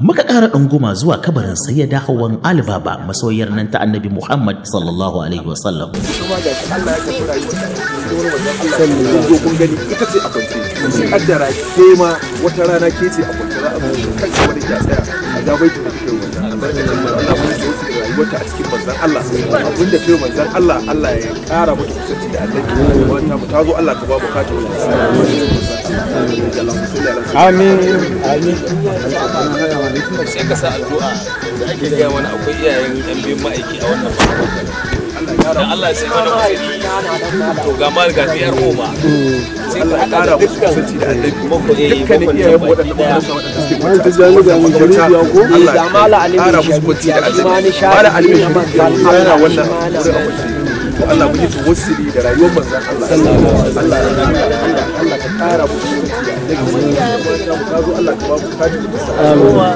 Muka ƙara ɗunguma zuwa kabarin sai ya dahawan Alibaba masoyar nan ta annabi Muhammad sallallahu Alaihi wasallam. a cikin manzan Allah kai manzan Allah ya kara da annabi mu ta zo Allah ta ba amin sai ka sa addu'a da ake gaya mana akwai iyayen yan biyan ma'aiki a wannan farkon da Allah sai mana ma'aiki to ga ma ga goma sai ka kara da mako eh da da gari ko Allah ya kara musu da mala alimi yana wannan wurin a wace Allah da rayuwar manzon Allah Allah Allah Allah kara musu Allah ka ba mu kaji kowa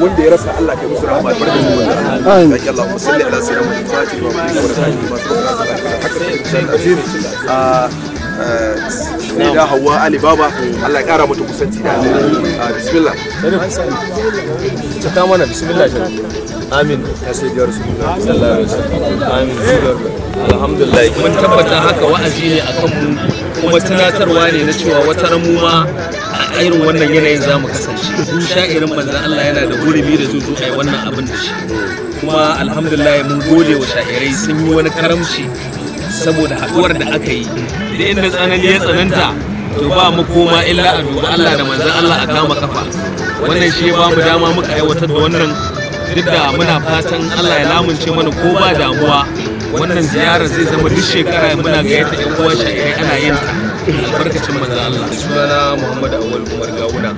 wanda ya rasa Allah ka musu rahama bar da mu amin ya Allah salli ala sayyidina Muhammad fatih wa Muhammad uh, da hawa Ali Baba Allah ya kara mata kusanci da uh, bismillah ta mana bismillah amin ya sai da rasulullah sallallahu alaihi wasallam amin alhamdulillah mun tabbata haka wa'azi ne akan mu kuma tunatarwa ne na cewa wata ran a irin wannan yanayin za mu kasance sha irin manzan Allah yana da hurumi da zuwa a wannan abin da shi kuma alhamdulillah mun gode wa sha'irai sun yi wani karamci saboda haɗuwar da aka yi da inda tsanani ya tsananta to ba mu koma illa a duba Allah da manzan Allah a kama kafa wannan shi ba mu dama muka aiwatar da wannan duk da muna fatan Allah ya lamunce mana ko ba damuwa wannan ziyarar zai zama duk shekara muna ga yadda yan uwa ana yin ta albarkacin manzo Allah sunana Muhammad Awal Umar Gawuna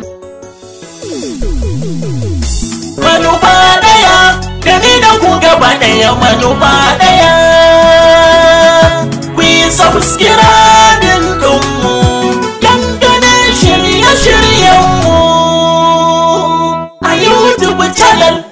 manufa ɗaya da da ku gaba daya manufa daya ku yi subscribe din mu shirye mu a channel